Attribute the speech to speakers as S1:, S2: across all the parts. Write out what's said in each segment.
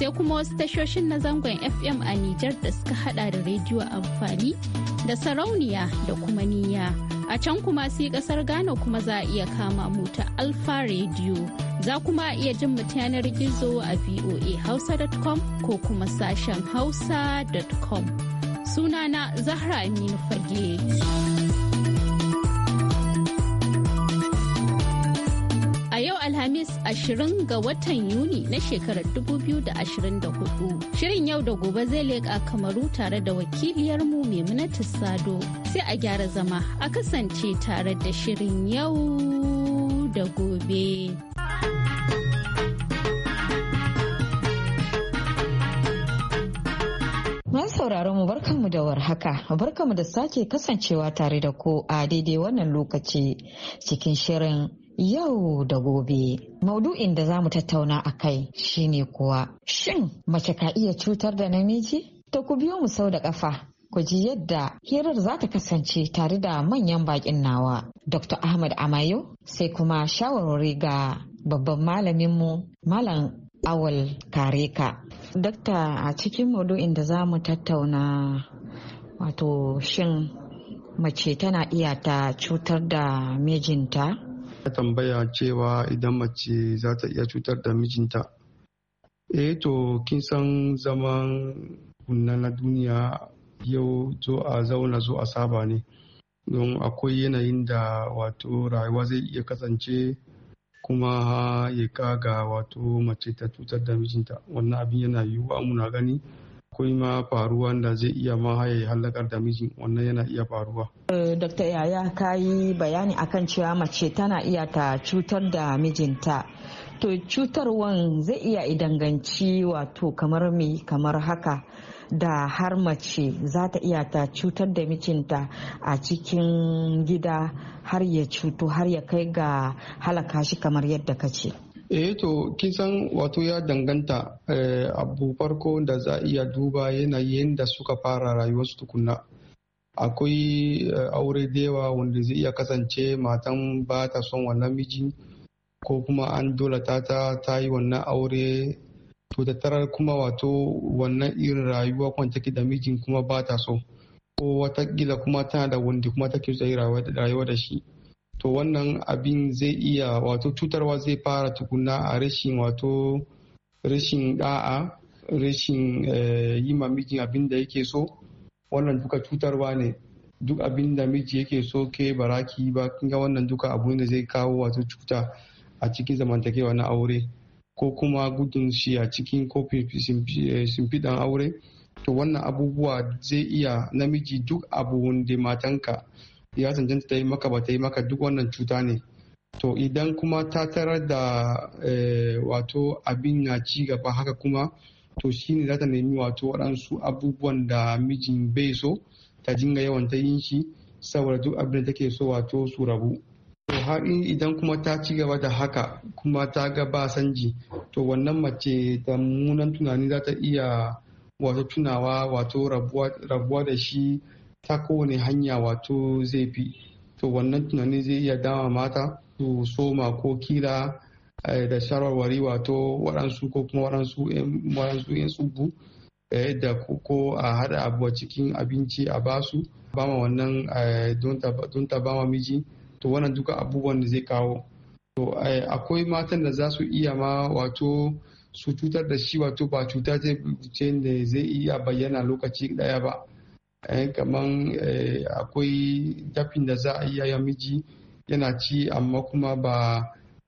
S1: sai kuma wasu tashoshin na zangon fm a Nijar da suka hada da rediyo amfani da sarauniya da kuma niyya a can kuma sai kasar ghana kuma za a iya kama mu ta alfa rediyo za kuma a iya jin mu yanar gizo a voa hausa.com ko kuma sashen hausa.com sunana zahra aminu fage Alhamis 20 ga watan Yuni na shekarar 2024. Shirin yau da gobe zai leƙa kamaru tare da wakiliyarmu Maimunatu Sado. Sai a gyara zama a kasance tare da shirin
S2: yau da gobe. sauraron mu barkanmu da warhaka barkanmu da sake kasancewa tare da ku a daidai wannan lokaci cikin shirin Yau da gobe, maudu'in da za mu tattauna a kai shine kuwa, shin mace ka iya cutar da namiji? Ta ku biyo mu sau da ƙafa, ku ji yadda hirar za ta kasance tare da manyan baƙin nawa, Dr. Ahmad Amayo, sai kuma shawarwari ga babban malaminmu, Malam Awal Kareka. Dokta a cikin maudu'in da za mu tattauna wato shin mace tana iya ta cutar da mijinta?
S3: ya tambaya cewa idan mace za ta iya cutar da mijinta eh to kin san zaman kunna na duniya yau zo a zauna zo a saba ne don akwai yanayin da wato rayuwa zai iya kasance kuma ya kaga wato mace ta cutar da mijinta wannan abin yana yiwuwa muna gani akwai ma faruwan da zai iya ma haye halakar da miji wannan yana iya faruwa.
S2: Eh, Dr. Yaya ka yi bayani akan cewa mace tana iya ta cutar da mijinta. To cutarwan zai iya idanganci wato kamar me kamar haka da har mace za ta iya ta cutar da mijinta a cikin gida har ya cuto har ya kai ga halaka shi kamar yadda ka ce.
S3: eh to kisan wato ya danganta eh, abu farko da za a iya duba yanayin da suka fara rayuwarsu tukunna akwai eh, aure da yawa wanda zai iya kasance matan ba ta son wannan miji ko kuma an dole ta ta yi wannan aure to da tarar kuma wato wannan irin rayuwa kwanta take da mijin kuma ba ta so ko watakila kuma tana da wanda kuma take zai rayuwa da shi to wannan abin zai iya wato cutarwa zai fara tukuna a rashin wato rashin da'a rashin eh, yi ma mijin abin da yake so wannan duka cutarwa ne duk abin da miji yake so ke baraki ba kinga wannan duka abu ne zai kawo wato cuta a cikin zamantakewa na aure ko kuma gudun shi a cikin kofin eh, simfidan aure to wannan abubuwa zai iya namiji duk abu wanda matanka ya cancanta ta yi maka ba ta yi maka duk wannan cuta ne to idan kuma ta tarar da eh, wato abin na ci gaba haka kuma to shine za ta nemi wato waɗansu abubuwan da mijin bai so ta jinga yawan ta yin shi saboda duk abin da take so wato su rabu to har idan kuma ta ci gaba da haka kuma ta ga ba sanji to wannan mace da munan tunani za ta iya wato tunawa wato rabuwa da shi ta kowane hanya wato zai fi to wannan tunani zai iya dama mata su soma ko kila eh, da shawarwari wato waɗansu ko kuma waɗansu yan tsubu da ko a haɗa abuwa cikin abinci a basu ba wannan eh, don ta ba miji to wannan duka abubuwan da zai kawo to eh, akwai matan da za su iya ma wato su cutar da shi wato ba cuta ce da zai iya bayyana lokaci ɗaya ba Eh, kaman eh, akwai dafin da za a iya ya miji yana ci amma kuma ba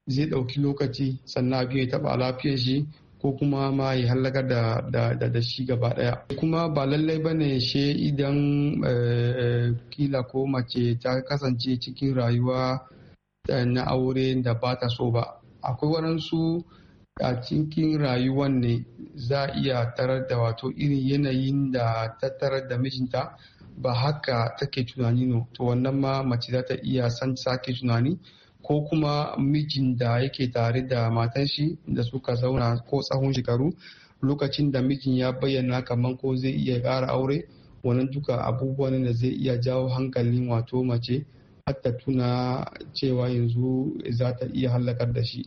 S3: zai ɗauki lokaci sannan abin ya taɓa lafiyar shi ko kuma ma ya hallaka da, da, shi gaba daya kuma ba lallai ba ne shi idan eh, kila ko mace ta kasance cikin rayuwa na aure da ba ta so ba akwai waɗansu a cikin rayuwan ne za a iya tarar da wato irin yanayin da ta tarar da mijinta ba haka take tunani no to wannan ma mace za ta iya san sake tunani ko kuma mijin da yake tare da matan shi da suka zauna ko tsawon shekaru lokacin da mijin ya bayyana kamar ko zai iya ƙara aure wannan duka abubuwan da zai iya jawo hankalin wato mace har tuna cewa yanzu za ta iya hallakar da shi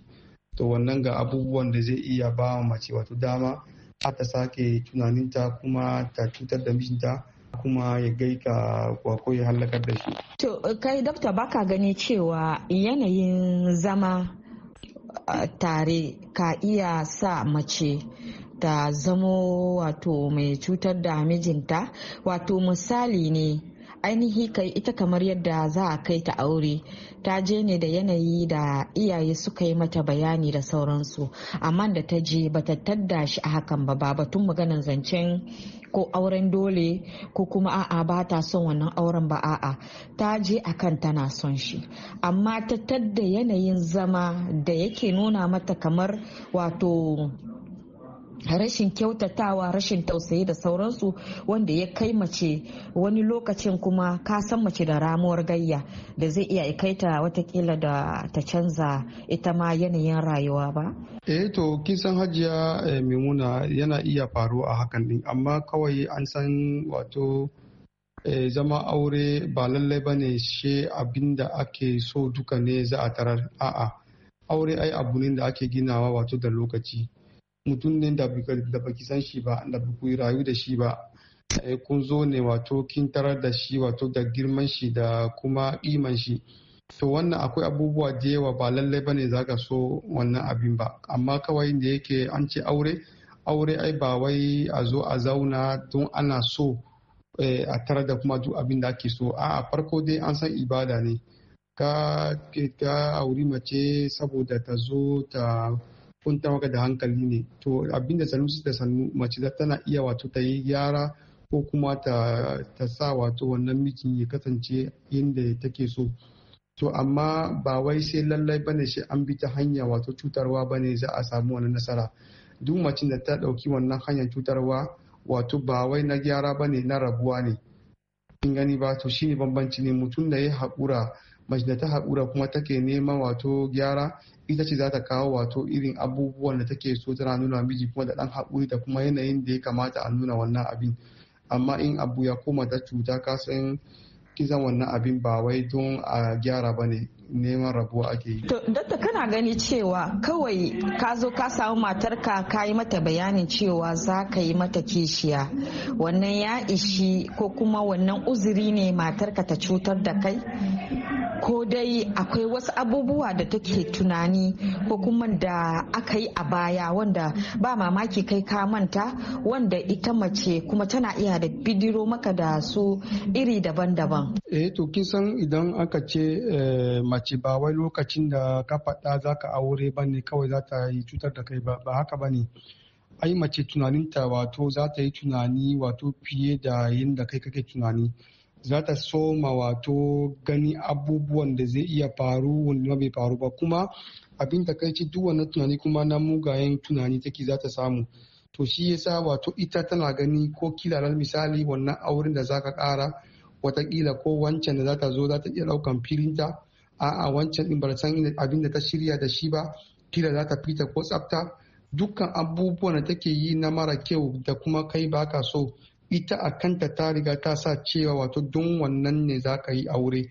S3: to wannan ga abubuwan da zai iya ba mace wato dama har ta sake tunaninta kuma ta cutar da mijinta kuma ya gai ka ko ya hallakar da shi.
S2: To kai dokta baka gani cewa yanayin zama tare ka iya sa mace ta zamo wato mai cutar da mijinta wato misali ne ainihi kai ita kamar yadda za a kai ta aure ta je ne da yanayi da iyaye suka yi mata bayani da sauransu amma da ta je ba ta tadda shi a hakan ba ba batun maganan zancen ko auren dole ko kuma a'a ba ta son wannan auren ba a'a ta je a kan tana son shi amma ta tadda yanayin zama da yake nuna mata kamar wato rashin kyautatawa rashin tausayi da sauransu wanda ya kai mace wani lokacin kuma ka san mace da ramuwar gayya da zai iya kaita watakila da ta canza ita ma yanayin rayuwa ba
S3: eh to kisan hajiya eh, mimuna yana iya faruwa a hakan din amma kawai an san wato eh, zama aure ba lallai ba ne she abin da ake so duka ne za a tarar a'a aure ai abu ne da ake ginawa wato da lokaci mutum ne da baki san shi ba da baki rayu da shi ba kun zo ne wato kin tarar da shi wato da girman shi da kuma kiman shi to wannan akwai abubuwa da yawa ba lallai bane za ka so wannan abin ba amma kawai da yake an ce aure aure ai ba wai a zo a zauna don ana so eh, a tare da kuma duk abin da ake so a farko dai an san ibada ne ka ke ta auri mace saboda ta zo ta kunta maka da hankali ne to abinda sannu da sanu mace tana iya wato ta yi gyara ko kuma ta, ta sa wato wannan mijin ya kasance yadda take so to amma ba wai sai lallai bane shi an bi ta hanya wato cutarwa bane za a samu wani nasara duk macin da ta ɗauki wannan hanyar cutarwa wato ba wai na gyara bane na rabuwa ne in gani ba to shine bambanci ne mutum da ya haƙura mace da ta haƙura kuma take nema wato gyara ita ce za ta kawo wato irin abubuwan da take so tana nuna miji kuma da ɗan haƙuri da kuma yanayin da ya kamata a nuna wannan abin amma in abu ya koma ta cuta ka san kisan wannan abin ba wai don a gyara ba ne neman rabuwa ake yi.
S2: To, dakta kana gani cewa kawai ka zo ka samu matarka ka yi mata bayanin cewa za ka yi mata kishiya wannan ya ishi ko kuma wannan uzuri ne matarka ta cutar da kai? ko dai akwai wasu abubuwa da take tunani ko kuma da aka yi a baya wanda ba mamaki kai ka manta wanda ita mace kuma tana iya da bidiro maka da su iri daban-daban.
S3: Eh to kisan idan aka ce eh, mace ba wai lokacin da ka faɗa za ka aure ba ne kawai za ta yi cutar da kai ba haka ba ne. Ai mace tunaninta wato za ta yi tunani wato fiye da yin da kai kake tunani. za ta soma wato gani abubuwan da zai iya faru wanda bai faru ba kuma abin da kai ci duk wannan tunani kuma na mugayen tunani take za ta samu to shi yasa wato ita tana gani ko kila misali wannan auren da za ka kara watakila ko wancan da za ta zo za ta iya daukan filinta a'a wancan din bar san abin da ta shirya da shi ba kila za ta fita ko tsafta dukkan abubuwan da take yi na mara kyau da kuma kai baka so ita a kanta ta riga ta sa cewa wato don wannan ne za ka yi aure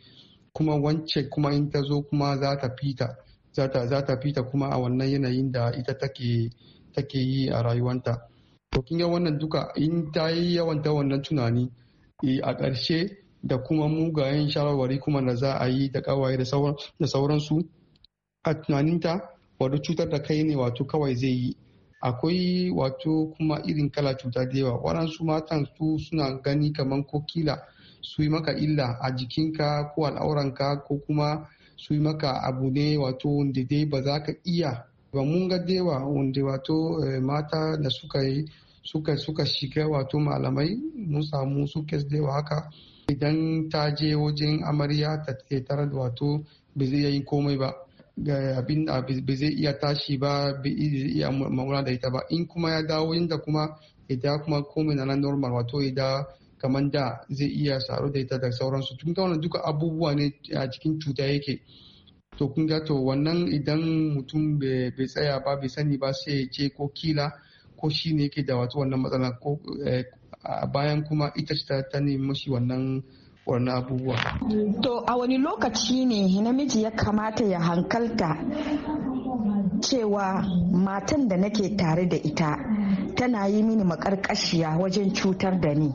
S3: kuma wance kuma in ta zo kuma za ta fita za ta fita kuma a wannan yanayin da ita take yi a rayuwanta to kin ga wannan duka in ta yi yawan ta wannan tunani e, a ƙarshe da kuma mugayen shawarwari kuma da za a yi da kawaye da sauransu a tunaninta wato cutar da kai ne wato kawai zai yi akwai wato kuma irin kala cuta da yawa waɗansu matan su suna gani kamar ko kila su yi maka illa a jikinka ko al'auranka ko kuma su yi maka abu ne wato wanda dai ba za ka iya ba mun ga dewa wanda wato eh, mata da suka yi suka suka shiga wato malamai mun samu su kes dewa haka idan ta je wajen amarya ta tarar wato ba zai yi komai ba abin bai zai iya tashi ba zai iya da ita ba in kuma ya dawo inda kuma ita kuma komai na normal wato ida kamar da zai iya saro da ita da sauransu tun ga wannan duka abubuwa ne a cikin cuta yake to kun ga to wannan idan mutum bai tsaya ba bai sani ba sai ya ce ko kila ko shi ne yake da wato wannan matsala ko eh, bayan kuma ita ta nemi mashi wannan wani abubuwa.
S2: To a wani lokaci ne namiji ya kamata ya hankalta cewa matan da nake tare da ita tana yi mini makarkashiya wajen cutar da ni.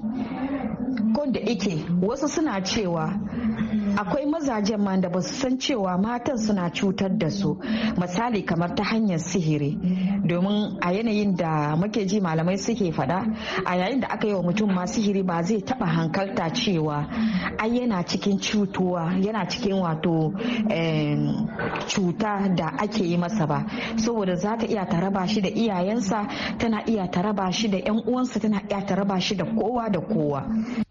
S2: Ko da ike wasu suna cewa akwai mazajen ma da ba su san cewa matan suna cutar da su misali kamar ta hanyar sihiri domin a yanayin da muke ji malamai suke fada a yayin da aka yi wa mutum ma sihiri ba zai taba hankalta cewa ai yana cikin cutuwa yana cikin wato cuta da ake yi masa ba saboda za ta iya ta raba shi da iyayensa tana iya ta raba shi da 'yan uwansa tana iya ta raba shi da kowa da kowa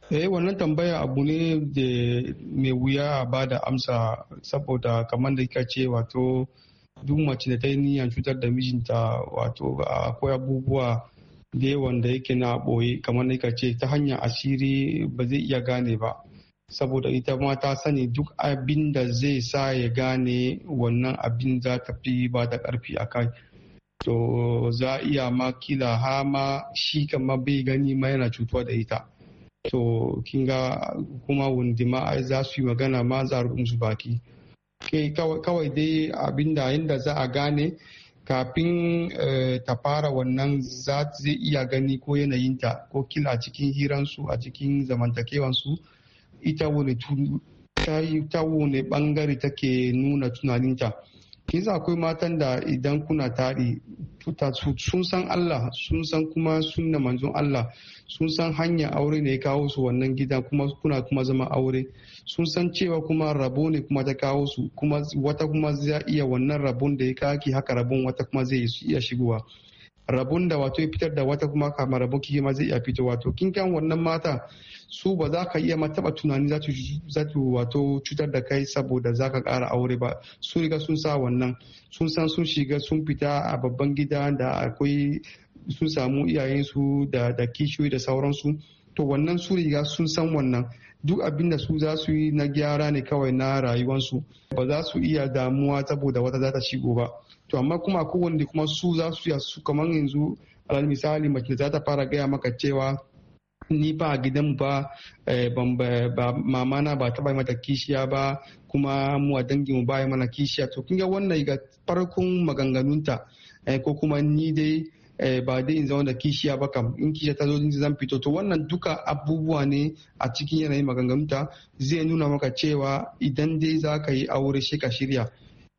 S2: Eh wannan
S3: tambaya abu ne da mai wuya a ba da amsa saboda kamar da kika ce wato duk mace da ta yi niyyar cutar da mijinta wato akwai abubuwa da yawan da yake na ɓoye kamar da kika ce ta hanyar asiri ba zai iya gane ba saboda ita ma ta sani duk abin da zai sa ya gane wannan abin za ta fi ba da ƙarfi a kai to za iya ma kila hama shi kama bai gani ma yana cutuwa da ita. to kin ga kuma wundima za su yi magana ma za musu baki kawai dai abinda yadda za a gane kafin eh, ta fara wannan za zai iya gani ko yanayinta ko kila cikin hiransu a cikin zamantakewansu ita wani ta wani bangare take nuna tunaninta Kisa akwai matan da idan kuna tari sun san Allah sun san kuma sunna manzon Allah sun san hanya aure ne ya kawo su wannan gida kuma kuna kuma zama aure sun san cewa kuma rabo ne kuma ta kawo su kuma wata kuma za iya wannan rabon da ya kaki haka rabon wata kuma zai iya shigowa rabon da wato ya fitar da wata kuma kama rabon kike ma zai iya fito wato kin kan wannan mata su ba za ka iya mataba tunani za wato cutar da kai saboda za ka kara aure ba su riga sun sa wannan sun san sun shiga sun fita a babban gida da akwai sun samu iyayensu da kishiyoyi da sauransu to wannan su riga sun san wannan duk abinda da su za su yi na gyara ne kawai na rayuwansu ba za su iya damuwa saboda wata za ta shigo ba to amma kuma kowanne kuma su za su su kamar yanzu alal misali mace za ta fara gaya maka cewa ni ba a gidanmu ba Mamana eh, ba taba mata kishiya ba kuma mu a danginmu ba mana kishiya to kinga wannan ga farkon maganganunta eh, ko kuma ni dai eh, ba dai in zama da kishiya ba kam in kishiya ta zo zan fito to wannan duka abubuwa ne a cikin yanayin maganganunta zai nuna maka cewa idan dai za ka yi aure shi ka shirya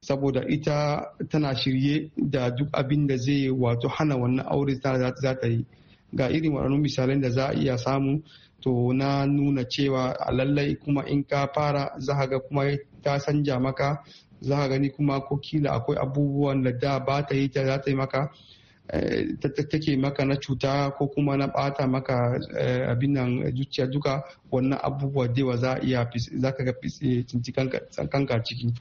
S3: saboda ita tana shirye da duk abin da zai wato hana wannan aure za ta yi ga irin waɗannan misalan da za a iya samu to na nuna cewa a lallai kuma in ka fara za ga kuma ta sanja maka za gani kuma ko kila akwai abubuwan da da ba ta yi ta za ta yi maka eh, take maka na cuta ko kuma na bata maka eh, abin nan zuciya duka wannan abubuwa dewa za iya za ka ga eh, kanka ciki.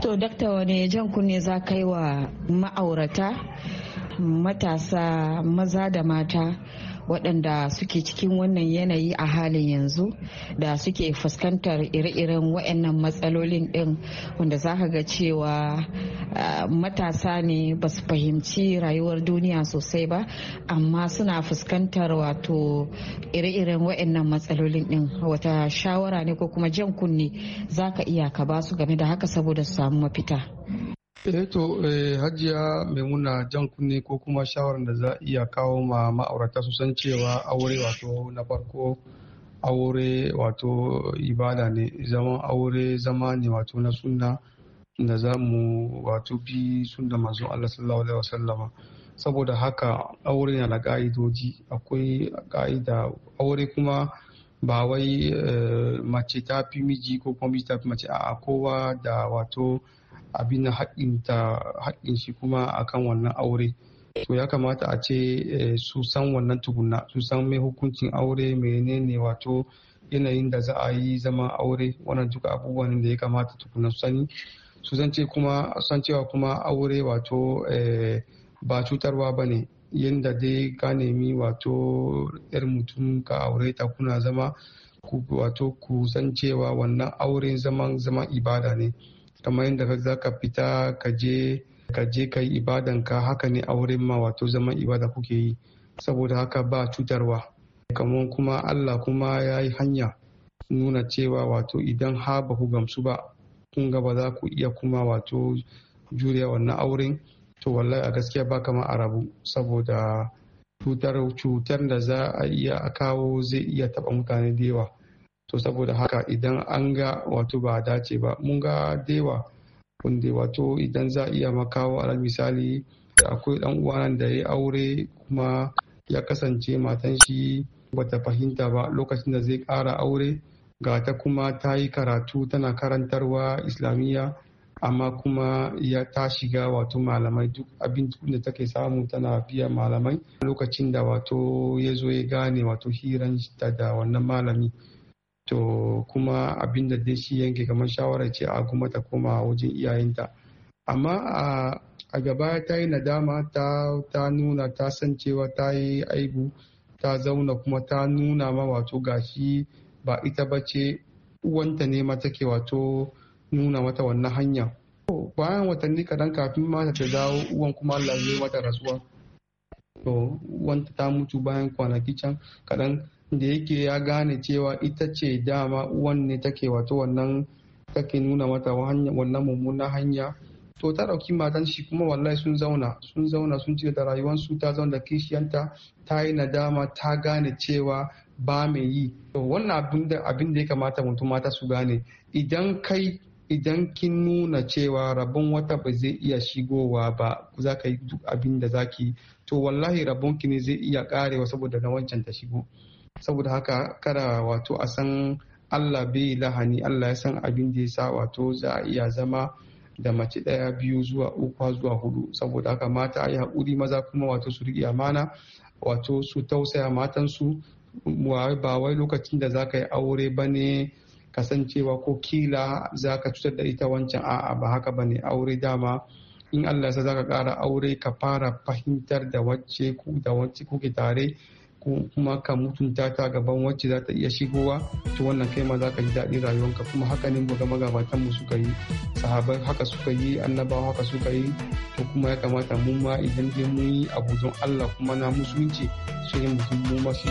S2: To dakta wane jan kunne za ka yi wa ma'aurata matasa maza da mata waɗanda suke cikin wannan yanayi a halin yanzu da suke fuskantar ire-iren waɗannan matsalolin ɗin wanda za ka ga cewa matasa ne ba su fahimci rayuwar duniya sosai ba amma suna fuskantar wato ire-iren waɗannan matsalolin ɗin wata shawara ne ko kuma jan kunne za ka iya ka ba su game da haka saboda su samu mafita.
S3: Eh, eh to eh, hajiya maimuna jan kunne ko kuma shawarar da za iya kawo ma ma'aurata su san cewa aure wato na farko aure wato ibada ne zaman aure zama ne wato na sunna da za mu wato bi sunna masu Allah sallallahu alaihi wasallama saboda haka aure na da ka'idoji akwai ka'ida aure kuma ba wai eh, mace ta fi miji ko kuma miji ta fi mace a kowa da wato abin haƙƙin ta haƙƙin shi kuma akan wannan aure to ya kamata a ce eh, su san wannan tukunna su san mai hukuncin aure ne wato yanayin da za a yi zama aure wannan duka abubuwan da ya kamata tukunna su sani su ce kuma san cewa kuma aure wato eh, ba cutarwa ba ne yadda dai ka nemi wato yar mutum ka aure ta kuna zama ku wato ku san cewa wannan auren zaman zaman ibada ne kamar yadda za ka fita ka je ka ka haka ne a wurin ma wato zaman ibada kuke yi saboda haka ba cutarwa kamar kuma allah kuma ya yi hanya nuna cewa wato idan ha ba ku gamsu ba kun ga ba za ku iya kuma wato juriya wannan auren to wallahi a gaskiya ba kama a rabu saboda cutar da za a iya kawo zai iya taba mutane da yawa to saboda haka idan an ga wato ba dace ba mun ga dewa wanda wato idan za a iya makawo alal misali da akwai dan uwanan da ya aure kuma ya kasance matan shi bata fahimta ba lokacin da zai ƙara aure ga ta kuma ta yi karatu tana karantarwa islamiyya amma kuma ya ta shiga wato malamai duk abin da take samu tana biya malamai lokacin da wato ya zo ya gane wato hiran da wannan malami to kuma abin da dai shi yanke kamar shawara ce a kuma ta koma wajen iyayenta amma a gaba ta yi nadama ta nuna ta san cewa ta yi aibu ta zauna kuma ta nuna ma wato gashi ba ita ba ce uwanta ne ma take wato nuna mata wannan hanya bayan watanni kaɗan kafin mata ta dawo uwan kuma Allah zai mata rasuwa to wanta ta mutu bayan kwanaki can kaɗan da yake ya gane cewa ita ce dama uwan ne take wato wannan take nuna mata wannan mummunan hanya to ta ɗauki matan shi kuma wallahi sun zauna sun zauna sun cire da rayuwarsu ta zauna da kishiyanta ta yi nadama ta gane cewa ba mai yi to wannan abin da ya kamata mutum mata su gane idan kai idan kin nuna cewa rabon wata ba zai iya shigowa ba za ka yi duk abin da zaki to wallahi rabon ki ne zai iya karewa saboda na wancan ta shigo saboda haka kada wato a san allah bai lahani allah ya san abin da ya sa wato za a iya zama da mace ɗaya biyu zuwa uku zuwa hudu saboda haka mata a yi haƙuri maza kuma wato su riƙe amana wato su tausaya matansu ba wai lokacin da zaka yi aure ba ne kasancewa ko kila za ka cutar da ita wancan a'a ba haka ba ne aure dama in allah ya sa za ka ƙara aure ka fara fahimtar da wacce ku da kuke tare ko kuma ka mutunta ta gaban wacce za ta iya shigowa to wannan kai ma za ka ji daɗin rayuwanka kuma haka ne ga magabatan mu suka yi sahabai haka suka yi annabawa haka suka yi to kuma ya kamata mu ma idan dai mun yi abu don Allah kuma na musulunci sai mu ma su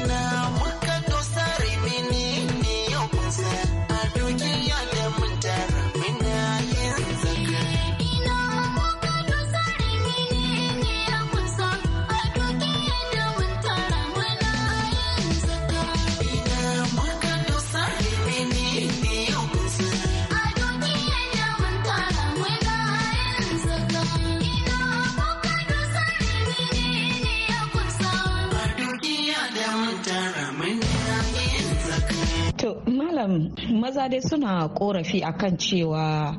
S2: malam maza dai suna korafi akan cewa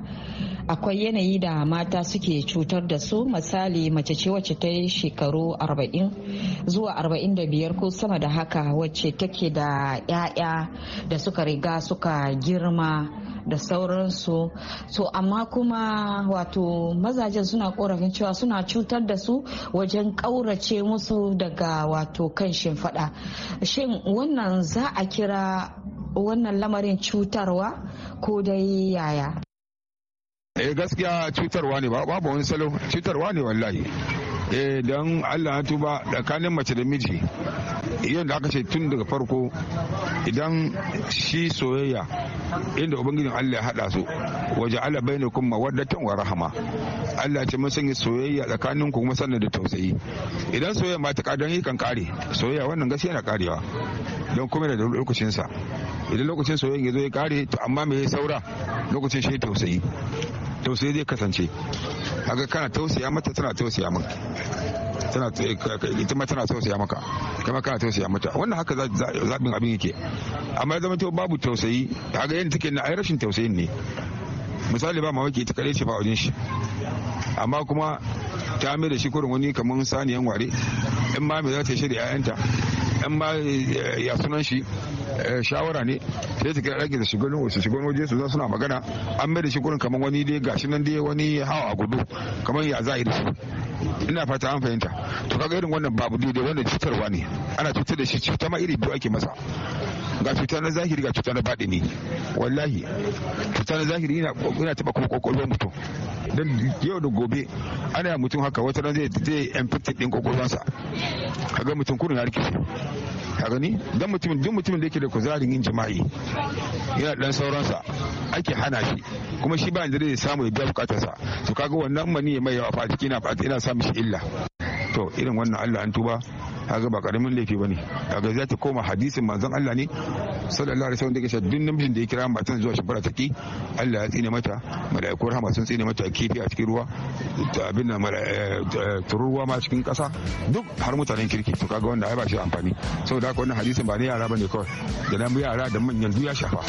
S2: akwai yanayi da mata suke cutar da su misali mace ce wacce ta yi shekaru 40 zuwa 45 ko sama da haka wacce take da 'ya'ya da suka riga suka girma da sauransu to amma kuma wato mazajen suna korafin cewa suna cutar da su wajen ƙaurace musu daga wato kan shimfiɗa shin wannan za a kira wannan lamarin cutarwa ko dai yaya
S4: eh gaskiya cutarwa ne babu wani salo cutarwa ne wallahi eh don allah ya tuba tsakanin mace da miji yadda aka ce tun daga farko idan shi soyayya inda ubangijin allah ya hada su waje ala bayyana kuma mawaddatan wa rahama allah ce mun sanya soyayya tsakanin ku kuma sannan da tausayi idan soyayya ma ta kadan yi kan kare soyayya wannan gaskiya na karewa don kuma da lokacinsa idan lokacin soyayya ya zo ya kare to amma me saura lokacin shi tausayi tausayi zai kasance haka kana tausaya mata tana tausaya maka tana eh, ita ma tana tausaya maka kama kana tausaya mata wannan haka zabin abin yake amma ya zama babu tausayi haka yadda take na ai rashin tausayin ne misali ba mamaki ita kare ce ba wajen shi amma kuma ta mai da shi kurin wani kamar saniyan ware in ma mai za ta shirya 'ya'yanta in ba eh, ya sunan shi eh, shawara ne sai su kira ɗage da shugaban su shugaban waje su zan suna magana an mai da shi gurin kamar wani dai gashi nan dai wani hawa a gudu kamar ya za a da ina fata an fahimta to kaga irin wannan babu dai wannan cutarwa ne ana cutar da shi cuta ma iri biyu ake masa ga cuta na zahiri ga cuta na ne wallahi cuta na zahiri yana taɓa kuma kwakwalwar mutum don yau da gobe ana yi mutum haka wata ran zai zai empty din kwakwalwarsa kaga mutum kurin harki kishi ka gani don mutumin duk mutumin da yake da kuzarin yin jima'i yana dan sauransa ake hana shi kuma shi ba da zai samu ya biya bukatarsa to kaga wannan mani mai yawa a jiki na ina samun shi illa to irin wannan Allah an tuba kaga ba karamin laifi bane kaga za ta koma hadisin manzon Allah ne sallallahu alaihi wasallam da yake duk namijin da ya kira matan zuwa shabara take Allah ya tsine mata malaikun rahama sun tsine mata kifi a cikin ruwa ta abin nan eh, turuwa ma cikin kasa duk har mutanen kirki to kaga wanda ai ba shi amfani saboda haka wannan hadisin ba ne yara bane kawai da nan yara da manyan duk ya shafa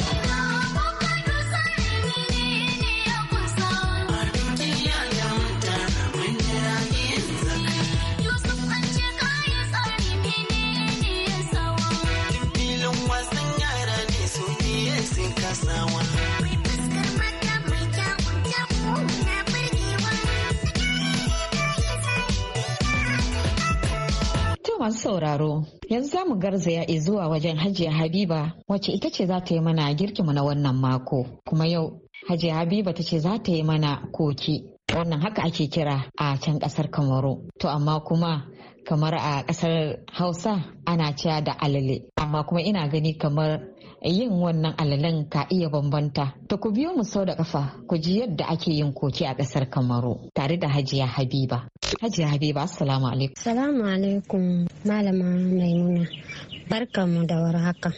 S2: masu sauraro, yanzu za mu garzaya zuwa wajen Hajiya Habiba wacce ita ce za ta yi mana girkinmu na wannan mako. Kuma yau Hajiya Habiba ta ce za ta yi mana koki. Wannan haka ake kira a can ƙasar Kamaru. To amma kuma kamar a ƙasar Hausa ana cewa da alale. Amma kuma ina gani kamar yin wannan alalan ka iya bambanta. To ku biyo mu sau da kafa ku ji yadda ake yin koki a ƙasar Kamaru
S5: tare da Hajiya Habiba.
S2: Hajiya Habiba assalamu
S5: alaikum. Assalamu alaikum malama Maimuna. mu da warhaka.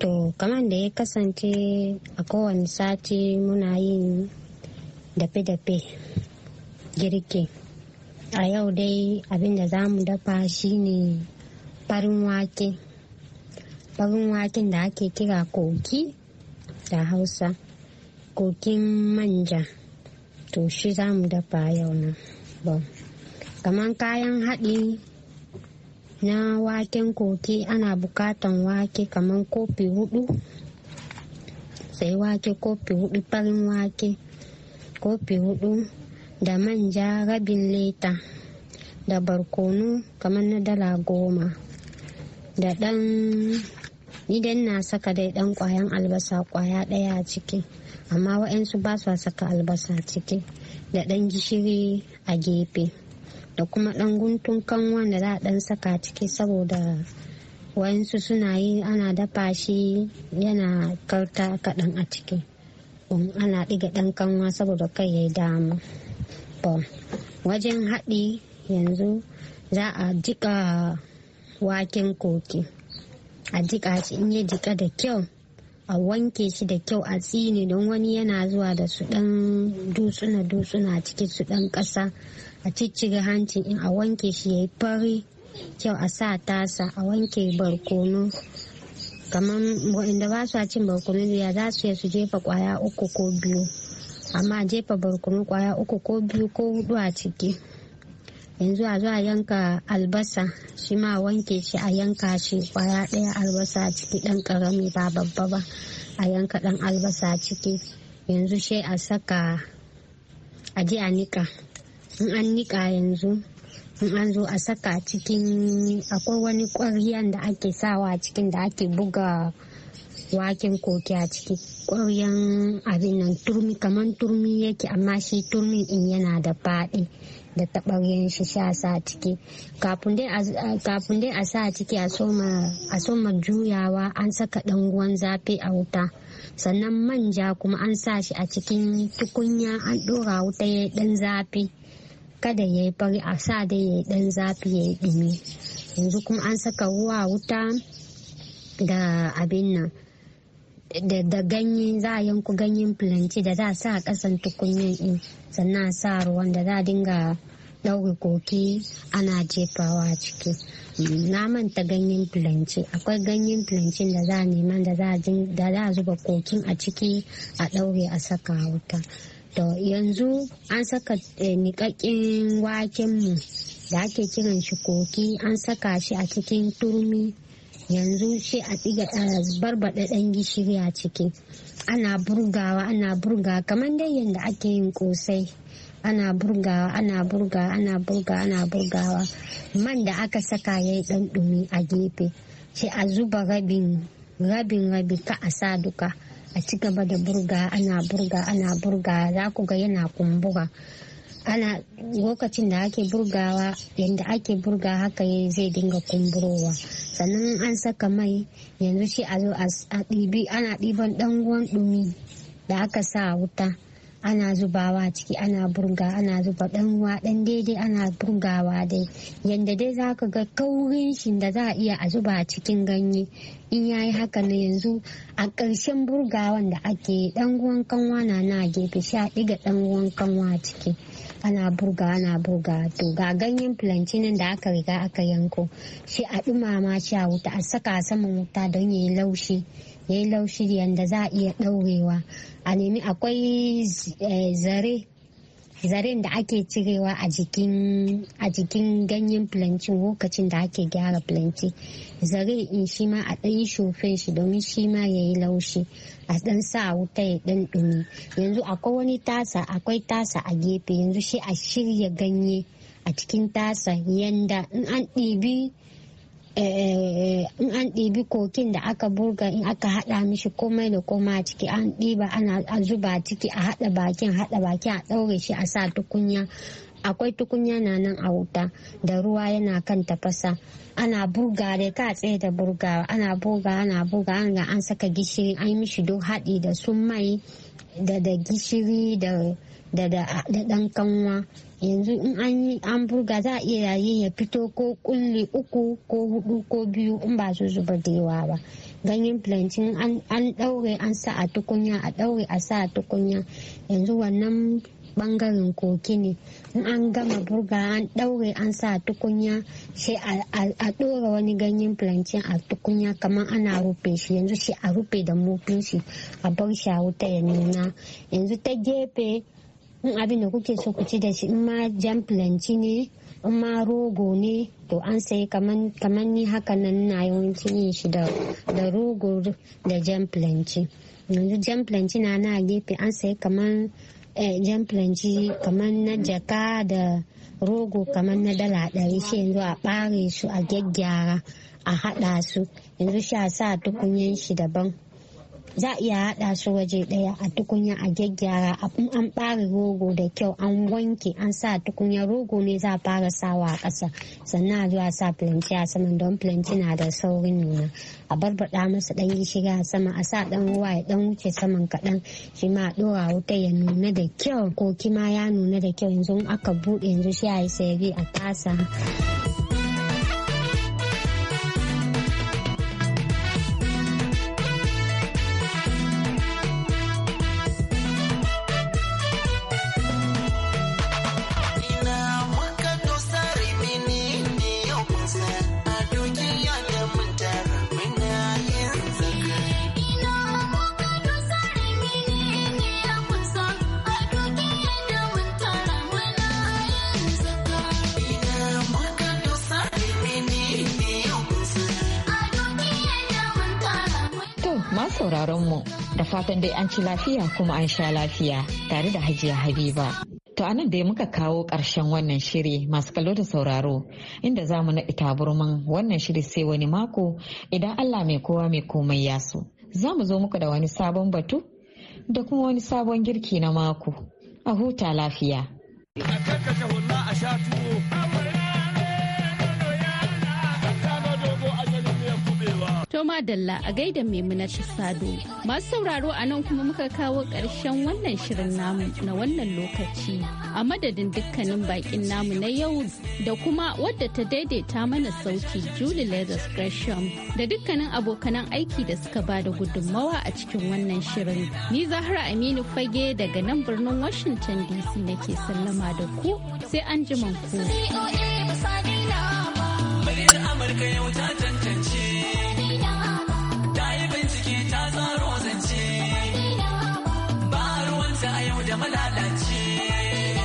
S5: To kamar da ya kasance a kowane sati muna yin dafe-dafe girki. A yau dai abin da za mu dafa shine farin wake. farin waken da ake kira koki da hausa kokin manja to shi za mu dafa yau nan kamar kayan haɗi na waken koki ana bukatan wake kamar kofi hudu sai wake kofi hudu farin wake kofi hudu da manja rabin leta da barkono kamar na dala goma da ɗan idan na saka dai dan kwayan albasa kwaya daya a ciki amma waɗansu ba su saka albasa ciki da dan gishiri a gefe da kuma dan guntun kanwan da za a dan saka ciki saboda waɗansu suna yi ana dafa shi yana karta kaɗan a ciki um, ana ɗiga ɗan kanwa saboda kai ya yi dama wajen haɗi yanzu za a jiƙa waken koki a jiƙa shi in ya jiƙa da kyau a wanke shi da kyau a tsini don wani yana zuwa da su ɗan dutsuna dutsuna a cikin su ɗan ƙasa a cicciga hancin in a wanke shi ya yi fari kyau a sa tasa a wanke barkono kamar waɗanda ba su cin barkono ya za su su jefa kwaya uku ko biyu amma jefa barkono kwaya uku ko biyu ko hudu a ciki yanzu a zo yanka albasa shi ma wanke shi a yanka shi kwaya ɗaya albasa ciki ɗan ƙarami ba babba ba a yanka ɗan albasa ciki yanzu shi a saka a ji a nika in an nika yanzu in an zo a saka cikin akwai wani ƙwaryan da ake sawa cikin da ake buga waken koki a ciki ƙwaryan abin nan turmi kamar turmi yake amma shi turmi in yana da faɗi da taɓaryan shi sha sa ciki kafin dai a sa ciki a soma juyawa an saka ɗan ruwan zafi a wuta sannan manja kuma an sa shi a cikin tukunya an ɗora wuta ya ɗan zafi kada ya yi fari a sa dai ya yi ɗan zafi ya yi ɗumi yanzu kuma an saka ruwa wuta da abin nan da ganye za a yanku ganyen filanci da za a sa a kasan tukunyan in sannan a sa ruwan da za a dinga ɗaure koki ana jefawa ciki mm, na manta ganyen filanci akwai ganyen filancin da za a nema da za a zuba kokin a ciki a ɗaure a saka wuta to yanzu an saka eh, niƙaƙƙen mu da ake kiran shi koki an saka shi a cikin turmi yanzu shi a ɗiga eh, barbaɗa ɗan gishiri a ciki ana burgawa ana burga kamar dai yadda ake yin ƙosai ana burgawa ana burgawa ana burgawa ana burgawa man da aka saka ya yi dan a gefe sai a zuba rabin rabin rabi ka a sa duka a ci gaba da burga ana burga ana burga za ku ga yana kumbura ana lokacin da ake burgawa yadda ake burga haka zai dinga kumburowa sannan an saka mai yanzu shi a zo a ɗibi ana ɗiban ɗan ɗumi da aka sa wuta ana zubawa ciki ana burga ana zuba dan wa dan daidai ana burgawa dai yanda dai za ka ga kaurin shi da za a iya a zuba cikin ganye in ya yi haka na yanzu a ƙarshen burgawan da ake dan ruwan kanwa na na gefe sha ɗiga dan ruwan kanwa ciki ana burga ana burga to ga ganyen plantain da aka riga aka yanko shi a dumama shi a wuta a saka saman wuta don ya yi laushi ya yi laushi yadda za a iya ɗaurewa a nemi akwai eh, zare zaren da ake cirewa a jikin ganyen plantain lokacin da ake gyara plantain zare in shi ma a ɗan shofen shi domin shi ma ya yi laushi a ɗan sa wuta ya ɗan ɗumi yanzu akwai wani tasa akwai tasa a gefe yanzu shi a shirya ganye a cikin tasa yanda in an ɗibi Eh, in an ɗibi kokin da aka burga in aka haɗa mishi komai da koma a ciki an ɗiba ana zuba ciki a haɗa bakin haɗa bakin a ɗaure shi a sa tukunya akwai tukunya na nan a wuta da ruwa yana kan tafasa ana burga dai ka tsaye da burga ana burga ana burga an ga an saka gishiri an yi mishi duk haɗi da sun mai da da gishiri da da da ɗan kanwa yanzu in an yi an burga za a iya yayin ya fito ko kulle uku ko hudu ko biyu in ba su zuba da yawa ba ganyen plantain an daure an sa a tukunya a daure a sa a tukunya yanzu wannan bangaren koki ne in an gama burga an daure an sa tukunya sai a dora wani ganyen plantain a tukunya kamar ana rufe shi yanzu sai a rufe da mufin shi a bar shi a wuta ya nuna yanzu ta gefe in abin da kuke so ku ci da shi in ma jan planci ne in ma rogo ne to an sai kamar ni haka nan na yawancin yin shi da rogo da jan planci yanzu jan planci na na gefe an sai kamar eh, jan planci kamar na jaka da rogo kamar na dala ɗari shi yanzu a ɓare su a gyaggyara a haɗa su yanzu shi sa tukunyen shi daban za a iya haɗa su waje ɗaya a tukunya a gyaggyara abin an ɓare rogo da kyau an wanke an sa tukunya rogo ne za a fara sawa a ƙasa sannan a zuwa sa filanci a saman don filanci na da saurin nuna a barbaɗa masa ɗan gishiri a sama a sa ɗan ruwa ya ɗan wuce saman kaɗan shi ma a ɗora wuta ya nuna da kyau ko kima ya nuna da kyau yanzu aka buɗe yanzu shi a yi a tasa.
S2: fatan dai an ci lafiya kuma an sha lafiya tare da hajiya habiba To a nan dai muka kawo ƙarshen wannan shiri masu kallo da sauraro inda za mu naɗi taburman wannan shiri sai wani mako idan Allah mai kowa mai komai ya so. Za mu zo muku da wani sabon batu da kuma wani sabon girki na mako. A huta lafiya.
S1: Toma Dalla a gaida Maimunat Sado. Masu sauraro a nan kuma muka kawo ƙarshen wannan shirin namu na wannan lokaci. A madadin dukkanin bakin namu na yau da kuma wadda ta daidaita mana sauti Julie Leathers Gresham da dukkanin abokanan aiki da suka ba da gudunmawa a cikin wannan shirin. Ni Zahra Aminu Fage daga nan birnin Washington DC nake sallama da ku sai an ku.
S6: Amurka yau ta tantance. sa a yau da malalaci eh,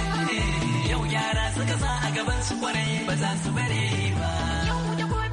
S6: yau yara suka sa a gaban su kwarai ba za su bare ba